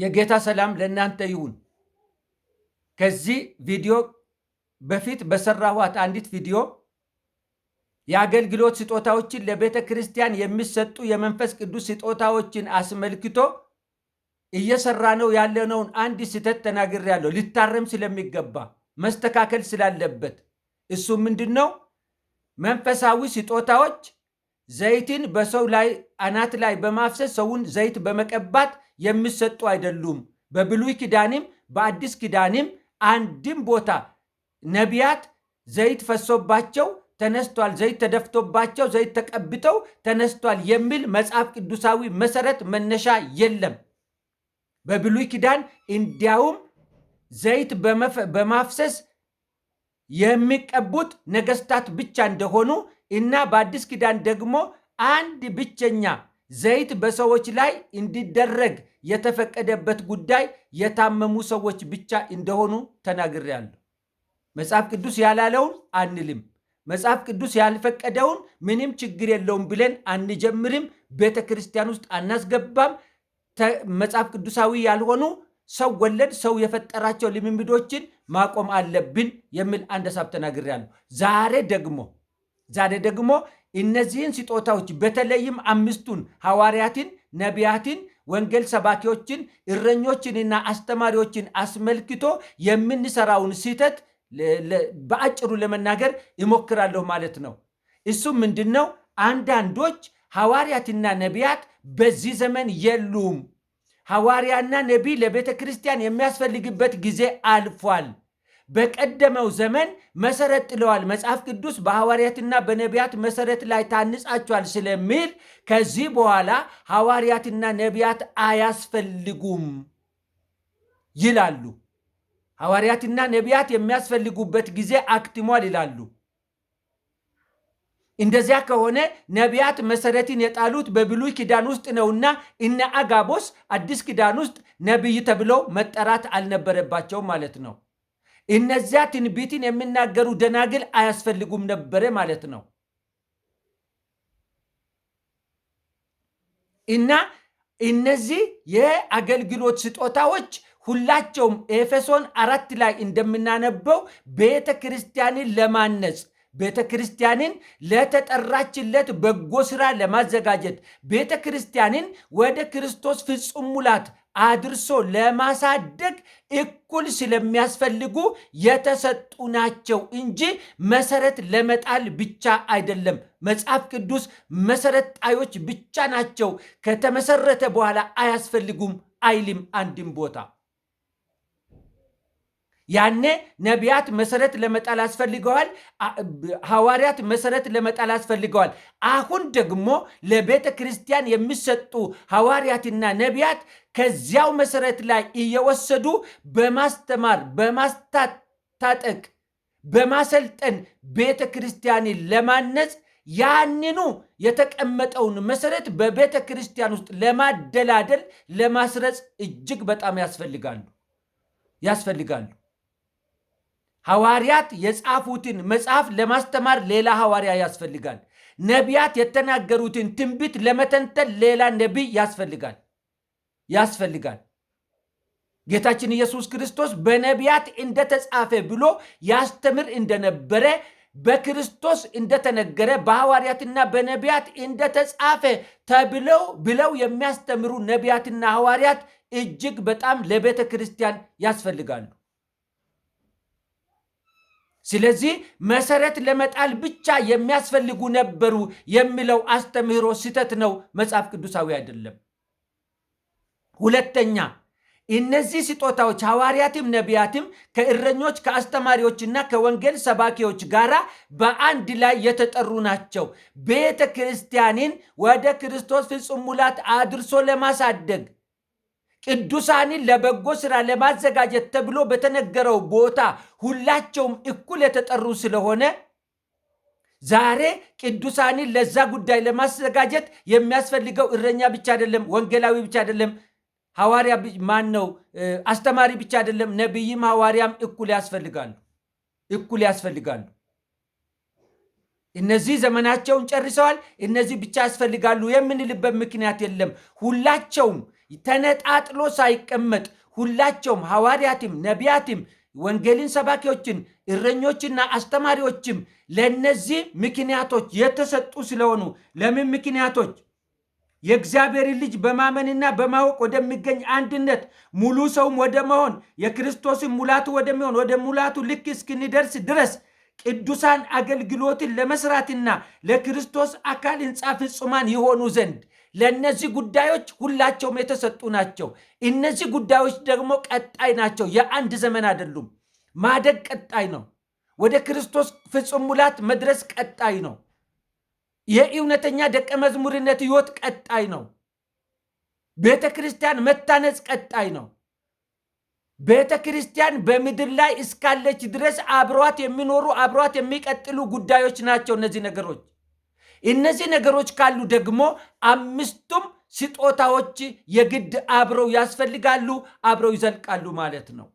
የጌታ ሰላም ለእናንተ ይሁን። ከዚህ ቪዲዮ በፊት በሰራኋት አንዲት ቪዲዮ የአገልግሎት ስጦታዎችን ለቤተ ክርስቲያን የሚሰጡ የመንፈስ ቅዱስ ስጦታዎችን አስመልክቶ እየሰራ ነው ያለነውን አንድ ስህተት ተናግሬያለሁ። ሊታረም ስለሚገባ መስተካከል ስላለበት እሱ ምንድን ነው? መንፈሳዊ ስጦታዎች ዘይትን በሰው ላይ አናት ላይ በማፍሰስ ሰውን ዘይት በመቀባት የሚሰጡ አይደሉም። በብሉይ ኪዳንም በአዲስ ኪዳንም አንድም ቦታ ነቢያት ዘይት ፈሶባቸው ተነስቷል፣ ዘይት ተደፍቶባቸው፣ ዘይት ተቀብተው ተነስቷል የሚል መጽሐፍ ቅዱሳዊ መሰረት መነሻ የለም። በብሉይ ኪዳን እንዲያውም ዘይት በማፍሰስ የሚቀቡት ነገስታት ብቻ እንደሆኑ እና በአዲስ ኪዳን ደግሞ አንድ ብቸኛ ዘይት በሰዎች ላይ እንዲደረግ የተፈቀደበት ጉዳይ የታመሙ ሰዎች ብቻ እንደሆኑ ተናግሬያለሁ። መጽሐፍ ቅዱስ ያላለውን አንልም። መጽሐፍ ቅዱስ ያልፈቀደውን ምንም ችግር የለውም ብለን አንጀምርም። ቤተ ክርስቲያን ውስጥ አናስገባም። መጽሐፍ ቅዱሳዊ ያልሆኑ ሰው ወለድ ሰው የፈጠራቸው ልምምዶችን ማቆም አለብን የሚል አንድ ሀሳብ ተናግሬያለሁ። ዛሬ ደግሞ ዛሬ ደግሞ እነዚህን ስጦታዎች በተለይም አምስቱን ሐዋርያትን፣ ነቢያትን፣ ወንጌል ሰባኪዎችን፣ እረኞችንና አስተማሪዎችን አስመልክቶ የምንሰራውን ስህተት በአጭሩ ለመናገር እሞክራለሁ ማለት ነው። እሱም ምንድን ነው? አንዳንዶች ሐዋርያትና ነቢያት በዚህ ዘመን የሉም፣ ሐዋርያና ነቢይ ለቤተ ክርስቲያን የሚያስፈልግበት ጊዜ አልፏል በቀደመው ዘመን መሰረት ጥለዋል። መጽሐፍ ቅዱስ በሐዋርያትና በነቢያት መሰረት ላይ ታንጻቸዋል ስለሚል ከዚህ በኋላ ሐዋርያትና ነቢያት አያስፈልጉም ይላሉ። ሐዋርያትና ነቢያት የሚያስፈልጉበት ጊዜ አክትሟል ይላሉ። እንደዚያ ከሆነ ነቢያት መሰረትን የጣሉት በብሉይ ኪዳን ውስጥ ነውና እነ አጋቦስ አዲስ ኪዳን ውስጥ ነቢይ ተብለው መጠራት አልነበረባቸውም ማለት ነው። እነዚያ ትንቢትን የሚናገሩ ደናግል አያስፈልጉም ነበረ ማለት ነው። እና እነዚህ የአገልግሎት ስጦታዎች ሁላቸውም ኤፌሶን አራት ላይ እንደምናነበው ቤተ ክርስቲያንን ለማነጽ ቤተ ክርስቲያንን ለተጠራችለት በጎ ስራ ለማዘጋጀት ቤተ ክርስቲያንን ወደ ክርስቶስ ፍጹም ሙላት አድርሶ ለማሳደግ እኩል ስለሚያስፈልጉ የተሰጡ ናቸው እንጂ መሰረት ለመጣል ብቻ አይደለም። መጽሐፍ ቅዱስ መሰረት ጣዮች ብቻ ናቸው ከተመሰረተ በኋላ አያስፈልጉም አይልም አንድም ቦታ። ያኔ ነቢያት መሰረት ለመጣል አስፈልገዋል። ሐዋርያት መሰረት ለመጣል አስፈልገዋል። አሁን ደግሞ ለቤተ ክርስቲያን የሚሰጡ ሐዋርያትና ነቢያት ከዚያው መሰረት ላይ እየወሰዱ በማስተማር በማስታጠቅ፣ በማሰልጠን ቤተ ክርስቲያንን ለማነጽ ያንኑ የተቀመጠውን መሰረት በቤተ ክርስቲያን ውስጥ ለማደላደል ለማስረጽ እጅግ በጣም ያስፈልጋሉ ያስፈልጋሉ። ሐዋርያት የጻፉትን መጽሐፍ ለማስተማር ሌላ ሐዋርያ ያስፈልጋል። ነቢያት የተናገሩትን ትንቢት ለመተንተን ሌላ ነቢይ ያስፈልጋል ያስፈልጋል። ጌታችን ኢየሱስ ክርስቶስ በነቢያት እንደተጻፈ ብሎ ያስተምር እንደነበረ በክርስቶስ እንደተነገረ በሐዋርያትና በነቢያት እንደተጻፈ ተብለው ብለው የሚያስተምሩ ነቢያትና ሐዋርያት እጅግ በጣም ለቤተ ክርስቲያን ያስፈልጋሉ። ስለዚህ መሰረት ለመጣል ብቻ የሚያስፈልጉ ነበሩ የሚለው አስተምህሮ ስህተት ነው፣ መጽሐፍ ቅዱሳዊ አይደለም። ሁለተኛ እነዚህ ስጦታዎች ሐዋርያትም ነቢያትም ከእረኞች ከአስተማሪዎችና ከወንጌል ሰባኪዎች ጋር በአንድ ላይ የተጠሩ ናቸው። ቤተ ክርስቲያንን ወደ ክርስቶስ ፍጹም ሙላት አድርሶ ለማሳደግ ቅዱሳንን ለበጎ ስራ ለማዘጋጀት ተብሎ በተነገረው ቦታ ሁላቸውም እኩል የተጠሩ ስለሆነ ዛሬ ቅዱሳንን ለዛ ጉዳይ ለማዘጋጀት የሚያስፈልገው እረኛ ብቻ አይደለም፣ ወንጌላዊ ብቻ አይደለም፣ ሐዋርያ ማን ነው አስተማሪ ብቻ አይደለም። ነቢይም ሐዋርያም እኩል ያስፈልጋሉ፣ እኩል ያስፈልጋሉ። እነዚህ ዘመናቸውን ጨርሰዋል፣ እነዚህ ብቻ ያስፈልጋሉ የምንልበት ምክንያት የለም። ሁላቸውም ተነጣጥሎ ሳይቀመጥ ሁላቸውም ሐዋርያትም፣ ነቢያትም፣ ወንጌልን ሰባኪዎችን፣ እረኞችና አስተማሪዎችም ለእነዚህ ምክንያቶች የተሰጡ ስለሆኑ ለምን ምክንያቶች የእግዚአብሔርን ልጅ በማመንና በማወቅ ወደሚገኝ አንድነት ሙሉ ሰውም ወደ መሆን የክርስቶስን ሙላቱ ወደሚሆን ወደ ሙላቱ ልክ እስክንደርስ ድረስ ቅዱሳን አገልግሎትን ለመስራትና ለክርስቶስ አካል ሕንፃ ፍጹማን ይሆኑ ዘንድ ለእነዚህ ጉዳዮች ሁላቸውም የተሰጡ ናቸው። እነዚህ ጉዳዮች ደግሞ ቀጣይ ናቸው። የአንድ ዘመን አይደሉም። ማደግ ቀጣይ ነው። ወደ ክርስቶስ ፍጹም ሙላት መድረስ ቀጣይ ነው። የእውነተኛ ደቀ መዝሙርነት ህይወት ቀጣይ ነው። ቤተ ክርስቲያን መታነጽ ቀጣይ ነው። ቤተ ክርስቲያን በምድር ላይ እስካለች ድረስ አብሯት የሚኖሩ አብሯት የሚቀጥሉ ጉዳዮች ናቸው እነዚህ ነገሮች። እነዚህ ነገሮች ካሉ ደግሞ አምስቱም ስጦታዎች የግድ አብረው ያስፈልጋሉ፣ አብረው ይዘልቃሉ ማለት ነው።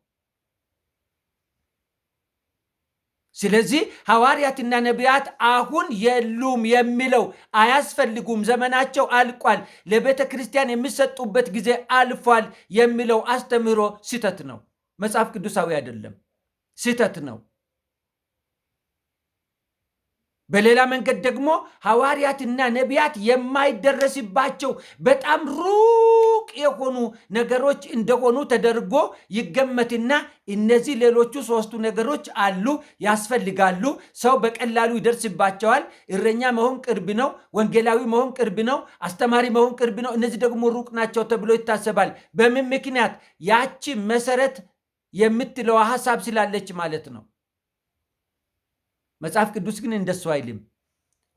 ስለዚህ ሐዋርያትና ነቢያት አሁን የሉም የሚለው አያስፈልጉም፣ ዘመናቸው አልቋል፣ ለቤተ ክርስቲያን የሚሰጡበት ጊዜ አልፏል የሚለው አስተምህሮ ስህተት ነው። መጽሐፍ ቅዱሳዊ አይደለም፣ ስህተት ነው። በሌላ መንገድ ደግሞ ሐዋርያትና ነቢያት የማይደረስባቸው በጣም ሩቅ የሆኑ ነገሮች እንደሆኑ ተደርጎ ይገመትና እነዚህ ሌሎቹ ሶስቱ ነገሮች አሉ፣ ያስፈልጋሉ፣ ሰው በቀላሉ ይደርስባቸዋል። እረኛ መሆን ቅርብ ነው፣ ወንጌላዊ መሆን ቅርብ ነው፣ አስተማሪ መሆን ቅርብ ነው። እነዚህ ደግሞ ሩቅ ናቸው ተብሎ ይታሰባል። በምን ምክንያት? ያቺ መሰረት የምትለዋ ሀሳብ ስላለች ማለት ነው። መጽሐፍ ቅዱስ ግን እንደሱ አይልም።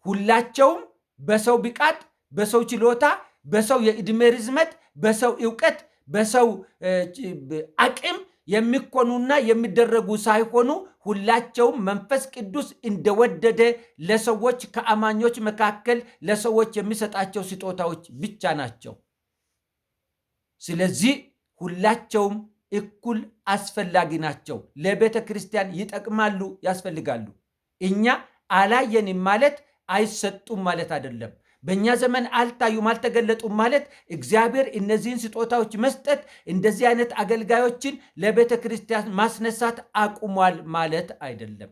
ሁላቸውም በሰው ብቃት፣ በሰው ችሎታ፣ በሰው የእድሜ ርዝመት፣ በሰው እውቀት፣ በሰው አቅም የሚኮኑና የሚደረጉ ሳይሆኑ ሁላቸውም መንፈስ ቅዱስ እንደወደደ ለሰዎች ከአማኞች መካከል ለሰዎች የሚሰጣቸው ስጦታዎች ብቻ ናቸው። ስለዚህ ሁላቸውም እኩል አስፈላጊ ናቸው። ለቤተ ክርስቲያን ይጠቅማሉ፣ ያስፈልጋሉ። እኛ አላየንም ማለት አይሰጡም ማለት አይደለም። በእኛ ዘመን አልታዩም አልተገለጡም ማለት እግዚአብሔር እነዚህን ስጦታዎች መስጠት እንደዚህ አይነት አገልጋዮችን ለቤተ ክርስቲያን ማስነሳት አቁሟል ማለት አይደለም።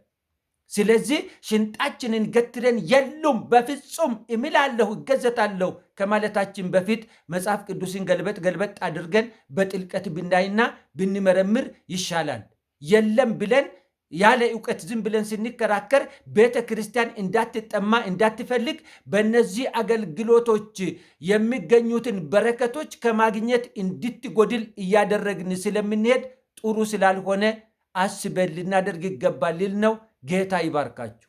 ስለዚህ ሽንጣችንን ገትረን የሉም በፍጹም እምላለሁ እገዘታለሁ ከማለታችን በፊት መጽሐፍ ቅዱስን ገልበጥ ገልበጥ አድርገን በጥልቀት ብናይና ብንመረምር ይሻላል። የለም ብለን ያለ እውቀት ዝም ብለን ስንከራከር ቤተ ክርስቲያን እንዳትጠማ እንዳትፈልግ በእነዚህ አገልግሎቶች የሚገኙትን በረከቶች ከማግኘት እንድትጎድል እያደረግን ስለምንሄድ ጥሩ ስላልሆነ አስበን ልናደርግ ይገባል ልል ነው። ጌታ ይባርካችሁ።